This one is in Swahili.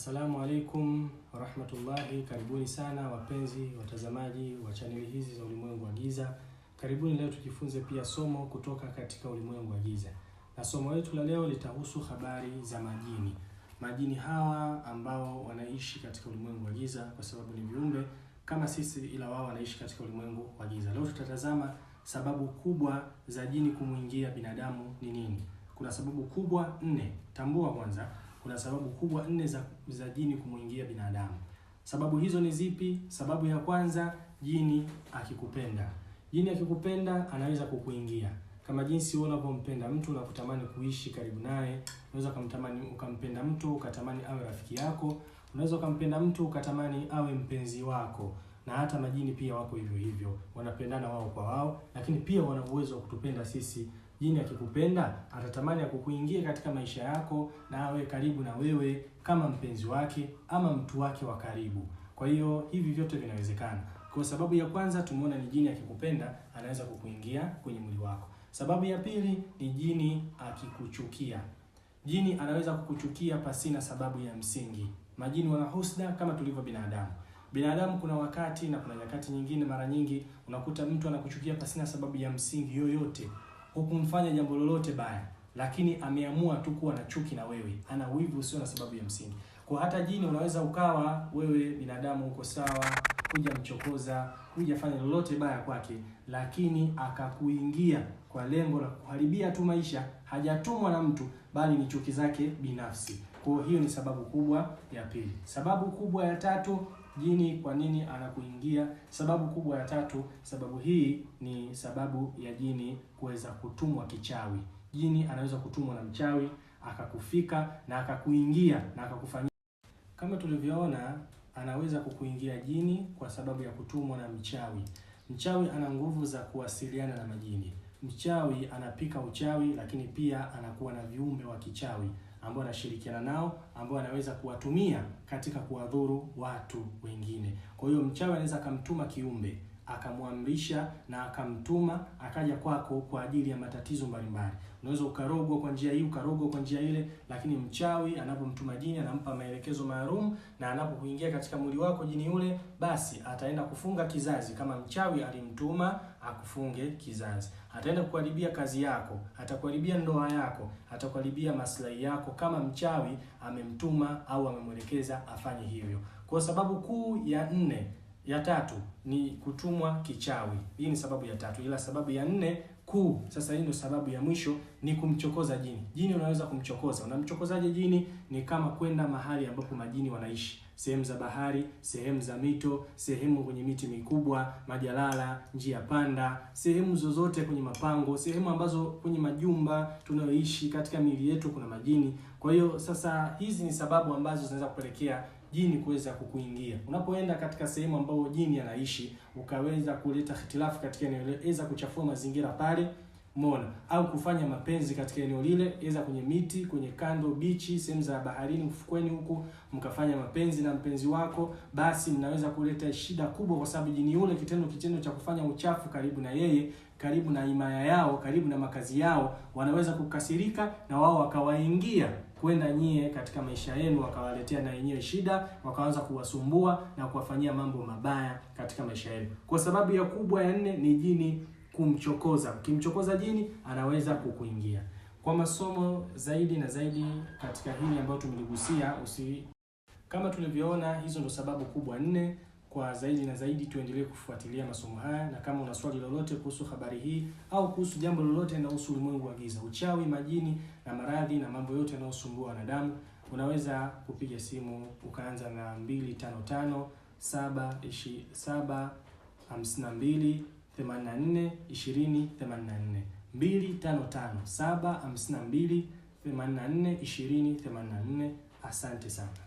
Assalamu alaikum warahmatullahi, karibuni sana wapenzi watazamaji wa chaneli hizi za ulimwengu wa giza. Karibuni, leo tujifunze pia somo kutoka katika ulimwengu wa giza, na somo letu la leo litahusu habari za majini. Majini hawa ambao wanaishi katika ulimwengu wa giza, kwa sababu ni viumbe kama sisi, ila wao wanaishi katika ulimwengu wa giza. Leo tutatazama sababu kubwa za jini kumwingia binadamu ni nini. Kuna sababu kubwa nne, tambua kwanza kuna sababu kubwa nne za, za jini kumwingia binadamu. Sababu hizo ni zipi? Sababu ya kwanza, jini akikupenda. Jini akikupenda anaweza kukuingia kama jinsi wewe unavyompenda mtu na kutamani kuishi karibu naye, unaweza kumtamani ukampenda mtu ukatamani awe rafiki yako, unaweza ukampenda mtu ukatamani awe mpenzi wako. Na hata majini pia wako hivyo hivyo, wanapendana wao kwa wao, lakini pia wana uwezo wa kutupenda sisi Jini akikupenda atatamani akukuingie katika maisha yako na awe karibu na wewe kama mpenzi wake ama mtu wake wa karibu. Kwa hiyo hivi vyote vinawezekana. Kwa sababu ya kwanza tumeona ni jini akikupenda anaweza kukuingia kwenye mwili wako. Sababu ya pili ni jini akikuchukia. Jini anaweza kukuchukia pasina sababu ya msingi. Majini wana husda kama tulivyo binadamu. Binadamu kuna wakati na kuna nyakati nyingine, mara nyingi unakuta mtu anakuchukia pasina sababu ya msingi yoyote hukumfanya jambo lolote baya, lakini ameamua tu kuwa na chuki na wewe, ana wivu usio na sababu ya msingi. Kwa hata jini unaweza ukawa wewe binadamu uko sawa, hujamchokoza, hujafanya lolote baya kwake, lakini akakuingia kwa lengo la kuharibia tu maisha. Hajatumwa na mtu, bali ni chuki zake binafsi. Kwa hiyo ni sababu kubwa ya pili. Sababu kubwa ya tatu, jini kwa nini anakuingia. Sababu kubwa ya tatu, sababu hii ni sababu ya jini kuweza kutumwa kichawi. Jini anaweza kutumwa na mchawi akakufika na akakuingia na akakufanyia. Kama tulivyoona, anaweza kukuingia jini kwa sababu ya kutumwa na mchawi. Mchawi ana nguvu za kuwasiliana na majini. Mchawi anapika uchawi, lakini pia anakuwa na viumbe wa kichawi ambao anashirikiana nao ambao anaweza kuwatumia katika kuwadhuru watu wengine. Kwa hiyo mchawi anaweza akamtuma kiumbe akamwamrisha na akamtuma akaja kwako kwa ajili ya matatizo mbalimbali. Unaweza ukarogwa kwa njia hii, ukarogwa kwa njia ile, lakini mchawi anapomtuma jini anampa maelekezo maalum, na anapokuingia katika mwili wako jini yule, basi ataenda kufunga kizazi, kama mchawi alimtuma akufunge kizazi. Ataenda kuharibia kazi yako, atakuharibia ndoa yako, atakuharibia maslahi yako, kama mchawi amemtuma au amemwelekeza afanye hivyo. Kwa sababu kuu ya nne ya tatu ni kutumwa kichawi. Hii ni sababu ya tatu, ila sababu ya nne kuu, sasa hii ndio sababu ya mwisho, ni kumchokoza jini. Jini unaweza kumchokoza. Unamchokozaje jini? Ni kama kwenda mahali ambapo majini wanaishi sehemu za bahari, sehemu za mito, sehemu kwenye miti mikubwa, majalala, njia panda, sehemu zozote kwenye mapango, sehemu ambazo kwenye majumba tunayoishi, katika miili yetu kuna majini. Kwa hiyo sasa, hizi ni sababu ambazo zinaweza kupelekea jini kuweza kukuingia. Unapoenda katika sehemu ambayo jini anaishi, ukaweza kuleta hitilafu katika eneo, aweza kuchafua mazingira pale mona Au kufanya mapenzi katika eneo lile, eza kwenye miti, kwenye kando bichi, sehemu za baharini, mfukweni huku, mkafanya mapenzi na mpenzi wako, basi mnaweza kuleta shida kubwa, kwa sababu jini yule, kitendo kitendo cha kufanya uchafu karibu na yeye, karibu na imaya yao, karibu na makazi yao, wanaweza kukasirika na wao wakawaingia kwenda nyie katika maisha yenu, wakawaletea na yenyewe shida, wakaanza kuwasumbua na kuwafanyia mambo mabaya katika maisha yenu. Kwa sababu ya kubwa ya nne ni jini kumchokoza. Ukimchokoza jini anaweza kukuingia. Kwa masomo zaidi na zaidi katika hili ambayo tumeligusia usi, kama tulivyoona, hizo ndo sababu kubwa nne. Kwa zaidi na zaidi, tuendelee kufuatilia masomo haya, na kama una swali lolote kuhusu habari hii au kuhusu jambo lolote linalohusu ulimwengu wa giza, uchawi, majini na maradhi na mambo yote yanayosumbua wanadamu, unaweza kupiga simu ukaanza na 255 7 52 Asante sana.